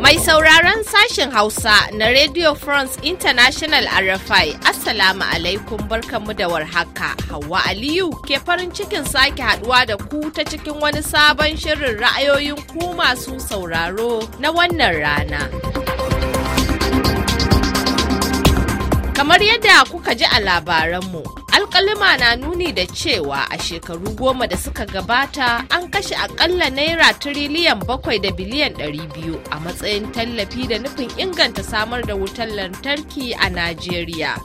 Mai sauraron sashen Hausa na Radio France International RFI, Assalamu alaikum barkanmu da warhaka. Hauwa Aliyu ke farin cikin sake haduwa da ku ta cikin wani sabon shirin ra'ayoyin ku masu sauraro na wannan rana. Kamar yadda kuka ji a labaranmu. alkalima na nuni da cewa a shekaru goma da suka gabata an kashe akalla naira tiriliyan bakwai da biliyan ɗari biyu a matsayin tallafi da nufin inganta samar da wutar lantarki a najeriya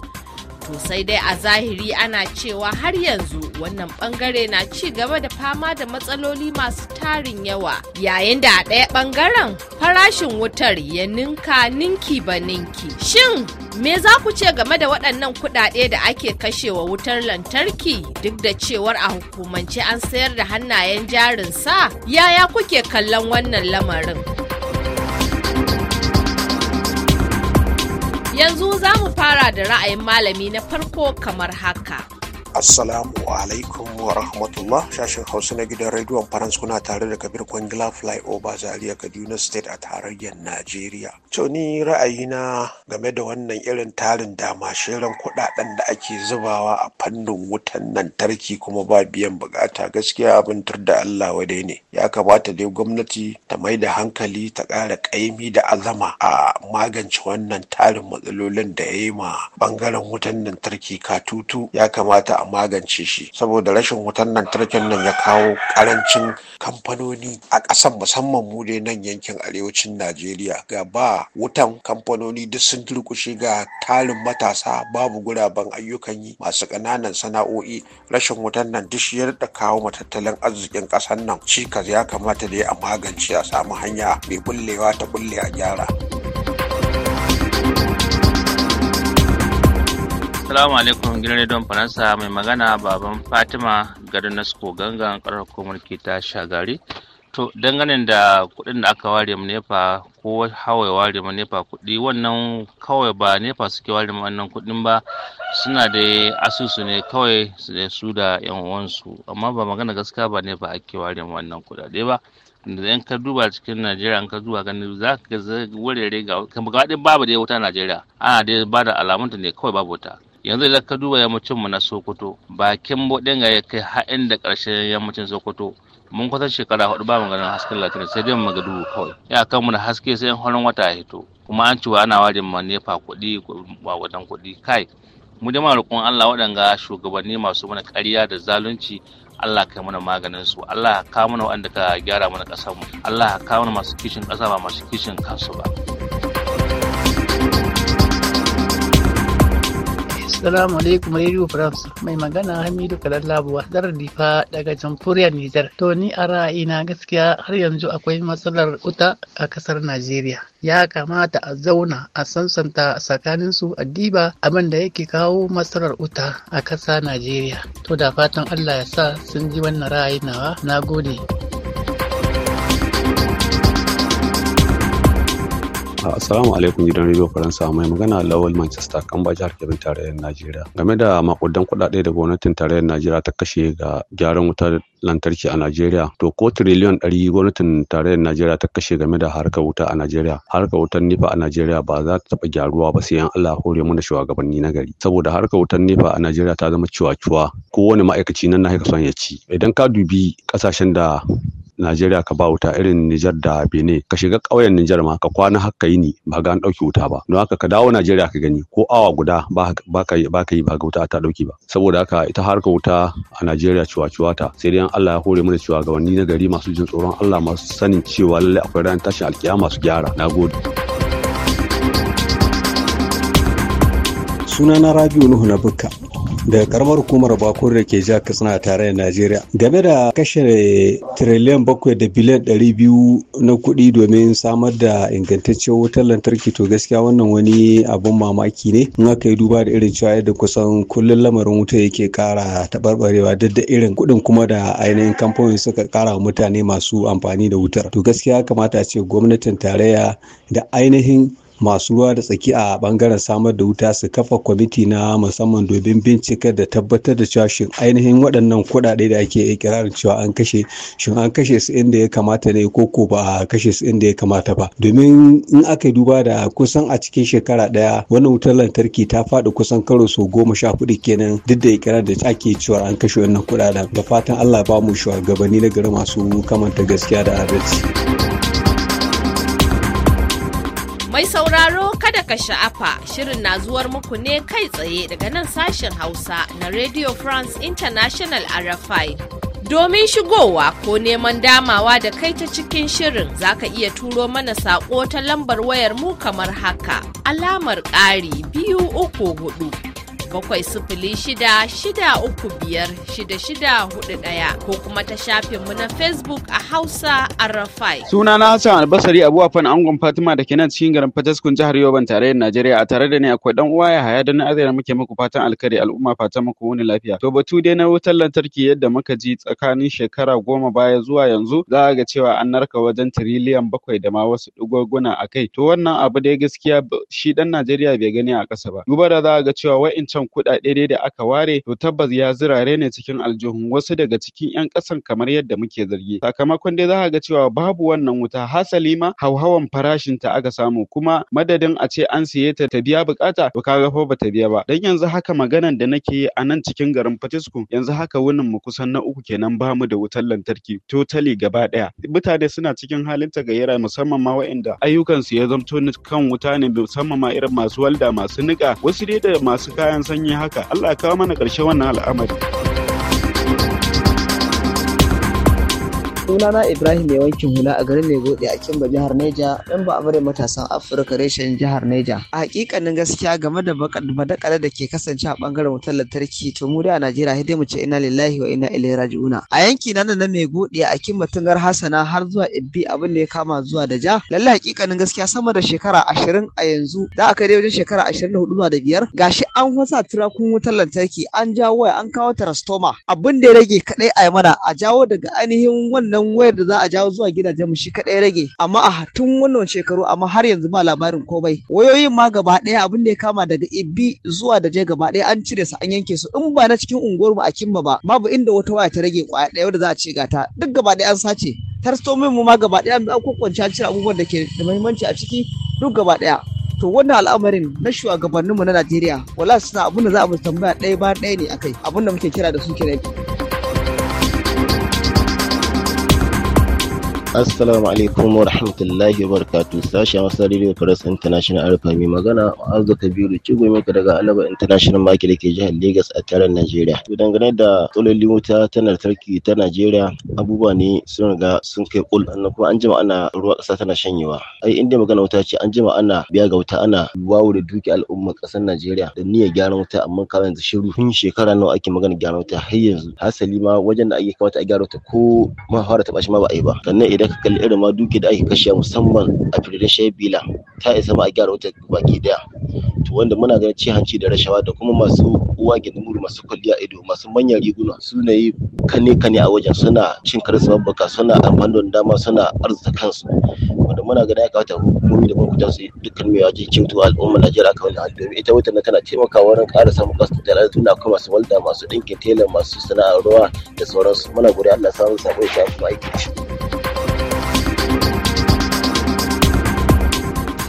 to sai dai a zahiri ana cewa har yanzu wannan bangare na ci gaba da fama da matsaloli masu tarin yawa yayin da a ɗaya bangaren farashin wutar ya ninka ninki ba ninki shin Me za ku ce game da waɗannan kuɗaɗe da ake kashewa wutar lantarki duk da cewar a hukumance an sayar da hannayen jarin sa? Yaya kuke kallon wannan lamarin? Yanzu za mu fara da ra'ayin malami na farko kamar haka. Assalamu alaikum wa rahmatullah shashin Hausa na gidan rediyon faransa kuna tare da Kabir Kwangila Flyover Zaria Kaduna State a tarayyar Najeriya. To ni ra'ayina game da wannan irin tarin dama shirin kuɗaɗen da ake zubawa a fannin wutan lantarki kuma ba biyan bukata gaskiya abin tur da Allah wadai ne. Ya kamata dai gwamnati ta mai da hankali ta kara ƙaimi da azama a magance wannan tarin matsalolin da ya yi ma bangaren wutan lantarki katutu ya kamata a magance shi saboda rashin wutan lantarkin nan ya kawo karancin kamfanoni a ƙasan musamman mu dai nan yankin arewacin najeriya ga ba wutan kamfanoni duk sun turkushe ga tarin matasa babu guraben ayyukan yi masu ƙananan sana'o'i rashin wutan nan duk shi ya kawo matattalin arzikin ƙasan nan cikas ya kamata da ya a magance a samu hanya mai bullewa ta bulle a gyara. Assalamu alaikum gidan don Faransa mai magana baban Fatima garin Nasko gangan karar mulki ta shagari. To dangane da kuɗin da aka ware mu nefa ko hawaye ware mu nefa kuɗi wannan kawai ba nefa suke ware mu wannan kuɗin ba suna da asusu ne kawai su da su da yan uwansu amma ba magana gaskiya ba nefa ake ware mu wannan kuɗaɗe ba. da in ka duba cikin najeriya in ka duba gani za ka ga wurare ga kamar babu da wuta najeriya ana dai ba da alamunta ne kawai babu wuta yanzu idan ka duba yammacin mu na sokoto bakin bodin ga ya kai ha'in da ƙarshen yammacin sokoto mun kusan shekara hudu ba maganin hasken latin sai dai mu ga dubu kawai ya kan mu na haske sai horon wata ya hito kuma an ciwa ana wajen ma nefa kuɗi ba wajen kuɗi kai mu da roƙon Allah waɗanga shugabanni masu mana ƙarya da zalunci Allah kai mana maganin su Allah ka mana waɗanda ka gyara mana ƙasar mu Allah ka mana masu kishin ƙasa ba masu kishin kansu ba Assalamu alaikum Radio France mai magana Hamidu Labuwa zarar difa daga jamhuriyar Nijar. To ni a ra'ayina gaskiya har yanzu akwai matsalar wuta a kasar Najeriya. Ya kamata a zauna a sansanta tsakanin su diba abin da yake kawo matsalar wuta a ƙasa Najeriya. To da fatan Allah ya sa sun ji wannan ra'ayi nawa. Na gode. Assalamu alaikum gidan Radio Faransa mai magana Lawal Manchester ba jihar Kebbi tarayyar Najeriya. Game da makudan kuɗaɗe da gwamnatin tarayyar Najeriya ta kashe ga gyaran wutar lantarki a Najeriya. To ko tiriliyon ɗari gwamnatin tarayyar Najeriya ta kashe game da harkar wuta a Najeriya. Harkar wutar nifa a Najeriya ba za ta taɓa gyaruwa ba sai an Allah hore mu da shugabanni na gari. Saboda harkar wutar nifa a Najeriya ta zama ciwa-ciwa. Kowane ma'aikaci nan na son ya ci. Idan ka dubi ƙasashen da Najeriya ka ba wuta irin Nijar da Benin ka shiga ƙauyen Nijar ma ka kwana haka yi ni ba ga an ɗauki wuta ba don haka ka dawo Najeriya ka gani ko awa guda ba ka yi ba ga wuta ta ɗauki ba saboda haka ita harka wuta a Najeriya ciwa-ciwa ta sai dai Allah ya hore mana cewa gabanni na gari masu jin tsoron Allah masu sanin cewa lallai akwai ranar tashin alkiyama su gyara nagode sunana Rabiu Nuhu na Bukka da karamar hukumar bakon da ke ja katsina a tarayyar najeriya game da kashe tiriliyan bakwai da biliyan ɗari biyu na kuɗi domin samar da ingantaccen wutar lantarki to gaskiya wannan wani abun mamaki ne in aka yi duba da irin cewa yadda kusan kullum lamarin wuta yake kara taɓarɓarewa duk da irin kuɗin kuma da ainihin kamfanin suka kara mutane masu amfani da wutar to gaskiya kamata a ce gwamnatin tarayya da ainihin masu ruwa da tsaki a bangaren samar da wuta su kafa kwamiti na musamman domin bincika da tabbatar da cewa shin ainihin waɗannan kuɗaɗe da ake ikirarin cewa an kashe shin an kashe su inda ya kamata ne ko ko ba a kashe su inda ya kamata ba domin in aka duba da kusan a cikin shekara ɗaya wannan wutar lantarki ta faɗi kusan karo sau goma sha hudu kenan duk da ikirar da ake cewa an kashe wannan kuɗaɗen da fatan Allah ba mu shugabanni na gari masu kamanta gaskiya da adalci. Mai sauraro kada ka sha'afa shirin na zuwar muku ne kai tsaye daga nan sashen Hausa na Radio France International RFI. Domin shigowa ko neman damawa da kai ta cikin shirin za ka iya turo mana saƙo ta lambar wayar mu kamar haka alamar ƙari biyu uku hudu bakwai sifili shida shida uku biyar shida shida hudu ɗaya ko kuma ta shafin mu na Facebook a Hausa Arafai. Suna na Hassan Albasari Abuwafan Angon Fatima da ke nan cikin garin Fataskun jihar Yoban tarayyar Najeriya a tare da ni akwai dan uwa ya haya da na azira muke muku fatan alkari al'umma fatan muku wani lafiya. To batu dai na wutar lantarki yadda muka ji tsakanin shekara goma baya zuwa yanzu za ga cewa an narka wajen tiriliyan bakwai da ma wasu dugoguna a kai. To wannan abu dai gaskiya shi dan Najeriya bai gani a ƙasa ba. Duba da za ga cewa wa'incan rahoton kuɗaɗe da aka ware to tabbas ya zirare ne cikin aljihun wasu daga cikin 'yan ƙasan kamar yadda muke zargi sakamakon dai za ga cewa babu wannan wuta hasali ma hauhawan farashin ta aka samu kuma madadin a ce an siye ta ta biya bukata to kaga fa bata biya ba dan yanzu haka maganan da nake yi a nan cikin garin Fatisku yanzu haka wunin mu kusan na uku kenan bamu da wutar lantarki totally gaba ɗaya. mutane suna cikin halin tagayyara musamman ma waɗanda ayyukan su ya zamto kan wuta ne musamman ma irin masu walda masu niƙa wasu dai da masu kayan sanyi haka Allah ya kawo mana ƙarshen wannan al'amari. sunana ibrahim mai wankin hula a garin lagos a kimba jihar neja dan ba bari matasan afirka reshen jihar neja a hakikanin gaskiya game da madakala da ke kasance a bangaren wutar lantarki to mu da a najeriya sai mu ce ina lillahi wa ina ilaihi raji'una a yanki na na mai gode a kimba tungar hasana har zuwa ibbi abin da ya kama zuwa da ja lallai hakikanin gaskiya sama da shekara ashirin a yanzu Za a kai dai wajen shekara ashirin da hudu zuwa da biyar gashi an wasa turakun wutar lantarki an jawo an kawo tarastoma abin da ya rage kadai a mana a jawo daga ainihin wannan wannan wayar da za a jawo zuwa gidajen mu shi kadai rage amma a tun wannan shekaru amma har yanzu ba labarin komai wayoyin ma gaba daya abin da ya kama daga ibi zuwa da je gaba daya an cire su an yanke su in ba na cikin unguwar mu a kimma ba babu inda wata waya ta rage kwaya daya da za a ce gata duk gaba daya an sace tarstomin mu ma gaba daya an kwanci an cire abubuwan da ke da muhimmanci a ciki duk gaba daya to wannan al'amarin na mu na Najeriya wala suna abin da za a tambaya ɗaya ba ɗaya ne akai abin da muke kira da su kenan Assalamu alaikum wa rahmatullahi wa barakatu sashen wasu Radio Press International Alfa mai magana Ma'azu Kabiru Cigo daga Alaba International Market da ke jihar Lagos a tarin Najeriya. To dangane da tsololi wuta ta lantarki ta Najeriya abubuwa ne sun riga sun kai kul an kuma an jima ana ruwa kasa tana shanyewa. Ai inda magana wuta ce an jima ana biya ga wuta ana wawo da duki al'umma kasar Najeriya da niyyar gyara wuta amma kawai yanzu shiru tun shekara nawa ake magana gyara wuta har yanzu hasali ma wajen da ake kamata a gyara wuta ko ma fara taba shi ma ba a yi ba. Sannan idan ka kalli irin ma duki da ake kashe musamman a firdin bila ta isa ma a gyara wata baki daya to wanda muna ganin ci hanci da rashawa da kuma masu uwa gidimur masu kwalliya ido masu manyan riguna su ne yi kane kane a wajen suna cin karisma babbaka suna amfani da dama suna arzuta kansu wanda muna ganin ya kawata hukumomi da kuma su dukkan mai wajen cintuwa al'umma najeriya kawai da domin ita na tana taimakawa wurin ƙara samun kasu da rayu na kuma masu walda masu ɗinkin tela masu sana'ar ruwa da sauransu muna gode allah samun sabon shafi aiki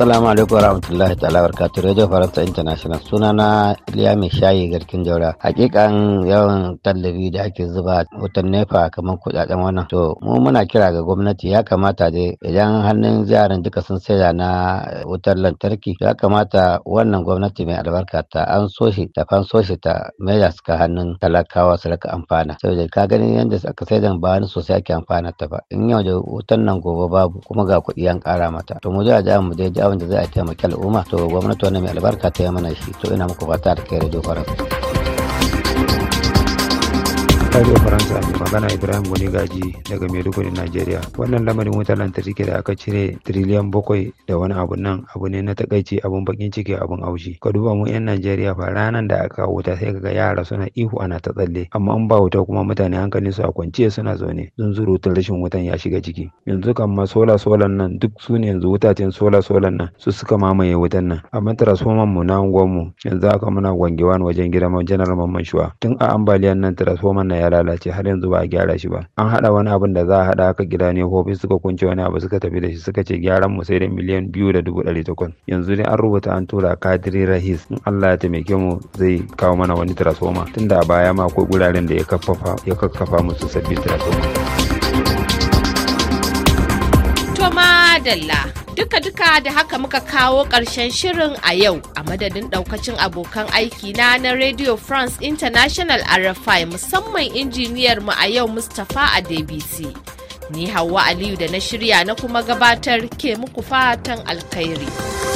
Assalamu alaikum warahmatullahi ta'ala barkatu Radio Faransa International sunana Iliya Mai Shayi Garkin Jaura. Hakikan yawan tallafi da ake zuba wutan nefa kamar kudaden wannan. To mu muna kira ga gwamnati ya kamata dai idan hannun jaran duka sun saida na wutar lantarki ya kamata wannan gwamnati mai albarka ta an soshi ta fan soshi ta meja suka hannun talakawa su raka amfana. Saboda ka gani yadda aka saida ba wani sosai ake amfana ta ba. In yau da wutan nan gobe babu kuma ga kuɗi an ƙara mata. To mu a mu dai wanda zai a taimaki al'umma to gwamnati wannan mai albarka ta yi mana shi to ina muku fata da kai radio faransa Radio Faransa mai magana Ibrahim Goni Gaji daga Maiduguri, Najeriya. Wannan lamarin wutar lantarki da aka cire tiriliyan bakwai da wani abu nan abu ne na takaici abun bakin ciki abun aushi. Ka duba mu 'yan Najeriya fa ranar da aka wuta sai kaga yara suna ihu ana ta tsalle amma in ba wuta kuma mutane hankalin su a kwance suna zaune zunzurutun rashin wutan ya shiga ciki. Yanzu kan ma sola solan nan duk su ne yanzu wutacen sola solan nan su suka mamaye wutan nan. Amma transformer mu na unguwar mu yanzu aka muna gwangewan wajen gidan General Mamman Shuwa. Tun a ambaliyan nan transformer na ya lalace har yanzu ba a gyara shi ba an haɗa wani abin da za a haɗa haka gida ne kofi suka kunce wani abu suka tafi da shi suka ce gyaran mu sai da miliyan biyu da dubu ɗari takwas yanzu ne an rubuta an tura kadiri rahis in Allah ya taimake mu zai kawo mana wani transformer tunda a baya ma akwai guraren da ya kakkafa musu sabbin transformer. Toma Duka-duka da haka muka kawo ƙarshen shirin a yau a madadin ɗaukacin abokan aiki na na Radio France International RFI musamman injiniyar mu a yau Mustapha a DBC. Ni Hauwa Aliyu da na shirya na kuma gabatar ke muku fatan alkhairi.